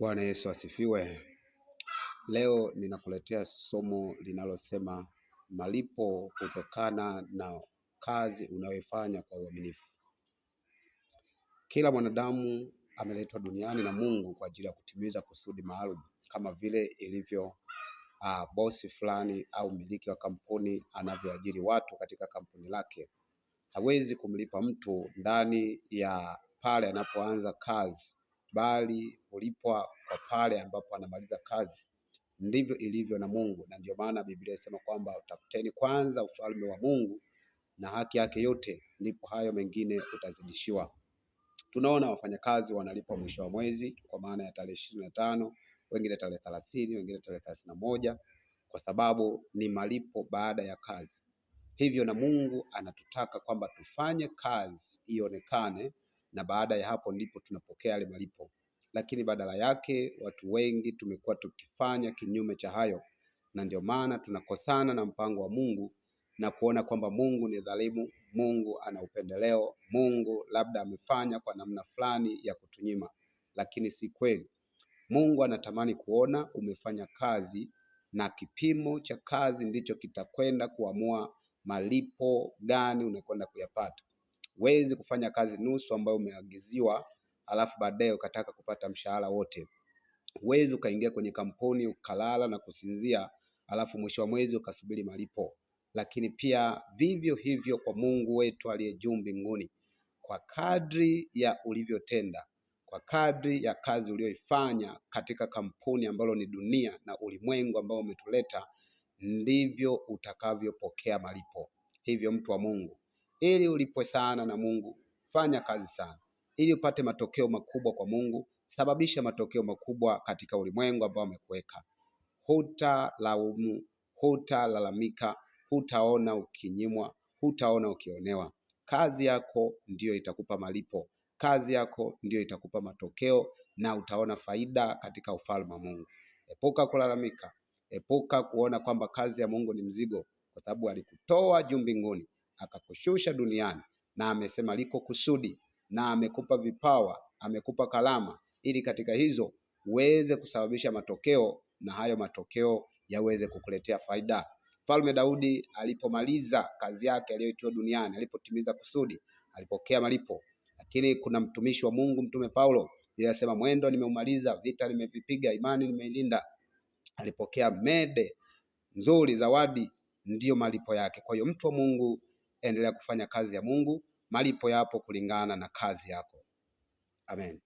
Bwana Yesu asifiwe. Leo ninakuletea somo linalosema malipo kutokana na kazi unayoifanya kwa uaminifu. Kila mwanadamu ameletwa duniani na Mungu kwa ajili ya kutimiza kusudi maalum, kama vile ilivyo uh, bosi fulani au mmiliki wa kampuni anavyoajiri watu katika kampuni lake. Hawezi kumlipa mtu ndani ya pale anapoanza kazi bali hulipwa kwa pale ambapo anamaliza kazi. Ndivyo ilivyo na Mungu, na ndio maana Biblia inasema kwamba utafuteni kwanza ufalme wa Mungu na haki yake yote, ndipo hayo mengine utazidishiwa. Tunaona wafanyakazi wanalipwa mwisho wa mwezi kwa maana ya tarehe ishirini na tano, wengine tarehe thelathini, wengine tarehe thelathini na moja, kwa sababu ni malipo baada ya kazi. Hivyo na Mungu anatutaka kwamba tufanye kazi ionekane na baada ya hapo ndipo tunapokea yale malipo. Lakini badala yake watu wengi tumekuwa tukifanya kinyume cha hayo, na ndio maana tunakosana na mpango wa Mungu na kuona kwamba Mungu ni dhalimu, Mungu ana upendeleo, Mungu labda amefanya kwa namna fulani ya kutunyima, lakini si kweli. Mungu anatamani kuona umefanya kazi, na kipimo cha kazi ndicho kitakwenda kuamua malipo gani unakwenda kuyapata. Huwezi kufanya kazi nusu ambayo umeagiziwa alafu baadaye ukataka kupata mshahara wote. Huwezi ukaingia kwenye kampuni ukalala na kusinzia alafu mwisho wa mwezi ukasubiri malipo. Lakini pia vivyo hivyo kwa Mungu wetu aliye juu mbinguni, kwa kadri ya ulivyotenda, kwa kadri ya kazi uliyoifanya katika kampuni ambalo ni dunia na ulimwengu ambao umetuleta, ndivyo utakavyopokea malipo. Hivyo mtu wa Mungu, ili ulipwe sana na Mungu. Fanya kazi sana ili upate matokeo makubwa kwa Mungu, sababisha matokeo makubwa katika ulimwengu ambao amekuweka. Hutalaumu, hutalalamika, hutaona ukinyimwa, hutaona ukionewa. Kazi yako ndiyo itakupa malipo, kazi yako ndiyo itakupa matokeo, na utaona faida katika ufalme wa Mungu. Epuka kulalamika, epuka kuona kwamba kazi ya Mungu ni mzigo, kwa sababu alikutoa juu mbinguni akakushusha duniani, na amesema liko kusudi, na amekupa vipawa, amekupa kalama, ili katika hizo uweze kusababisha matokeo na hayo matokeo yaweze kukuletea faida. Mfalme Daudi alipomaliza kazi yake aliyoitiwa duniani, alipotimiza kusudi, alipokea malipo. Lakini kuna mtumishi wa Mungu, Mtume Paulo, yeye asema mwendo nimeumaliza, vita nimevipiga, imani nimeilinda. Alipokea mede nzuri, zawadi, ndiyo malipo yake. Kwa hiyo mtu wa Mungu endelea kufanya kazi ya Mungu, malipo yapo kulingana na kazi yako. Amen.